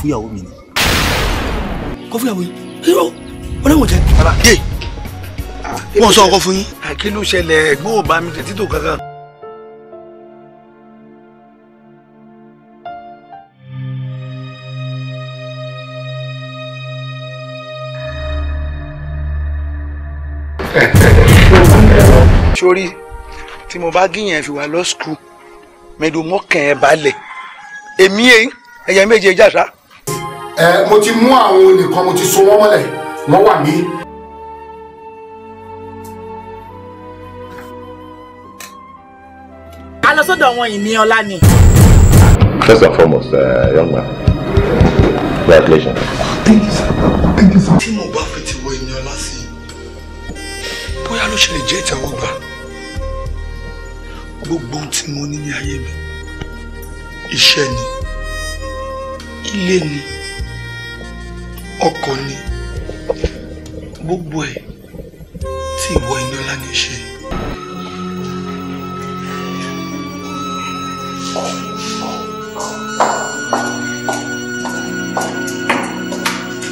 fún ìyàwó mi ni. kọ fún ìyàwó yìí wọn náà wọ̀ jẹ́. bàbá dé wọn sọ ọkọ fún yín. Ah, kí ṣẹlẹ̀ ẹ̀gbọ́n ò bá mi tẹ̀ títò kankan. sórí tí mo bá gíyàn fi wà lọ skul mẹdùn ẹ balẹ̀ èmi ẹyẹ méje jàdá mo ti mú àwọn olè mo ti so wọ́n mọ́lẹ̀ wọ́n wà ní. a lọ sọ́dọ̀ wọn ìní ọlá ni. first and foremost uh, young man congratulations. thank you sir thank you sir. tí mo bá fi ti wo ìní ọlá sí i bóyá ló ṣe lè jẹ́ ìtẹ́wọ́gbà gbogbo ohun tí mo ní ní ayé mi iṣẹ́ ni ilé ni ọkọ̀ ni gbogbo ẹ̀ tí ìwọ Ìníọlá ní í ṣe.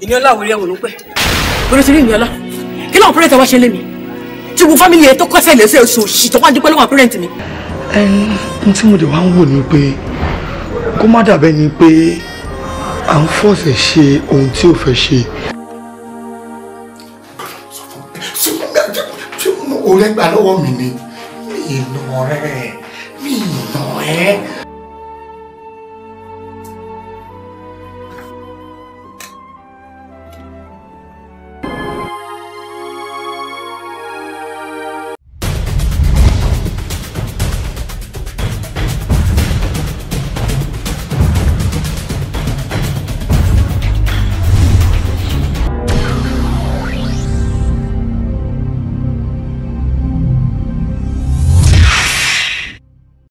Ìníọlá àwòrán ẹ̀wọ̀n ló pẹ́ torí ti rí Ìníọlá kí lóun pẹ́rẹ́tì wá ṣe lé mi tí gbogbo fámìlì ẹ̀ tó kọ́ sẹ́lẹ̀ ṣe oṣù òṣì tó wá dúpẹ́ lọ́wọ́ pẹ́rẹ́ǹtì mi. ẹ ń tí mo dé wá ń wò ni pé kó má dàbẹ́ ni pé. Pe à ń fọ́ọ̀sẹ̀ ṣe ohun tí ò fẹ́ ṣe. ọ̀rẹ́ gbà lọ́wọ́ mi ni mi ìnà rẹ̀ mi ìnà ẹ́.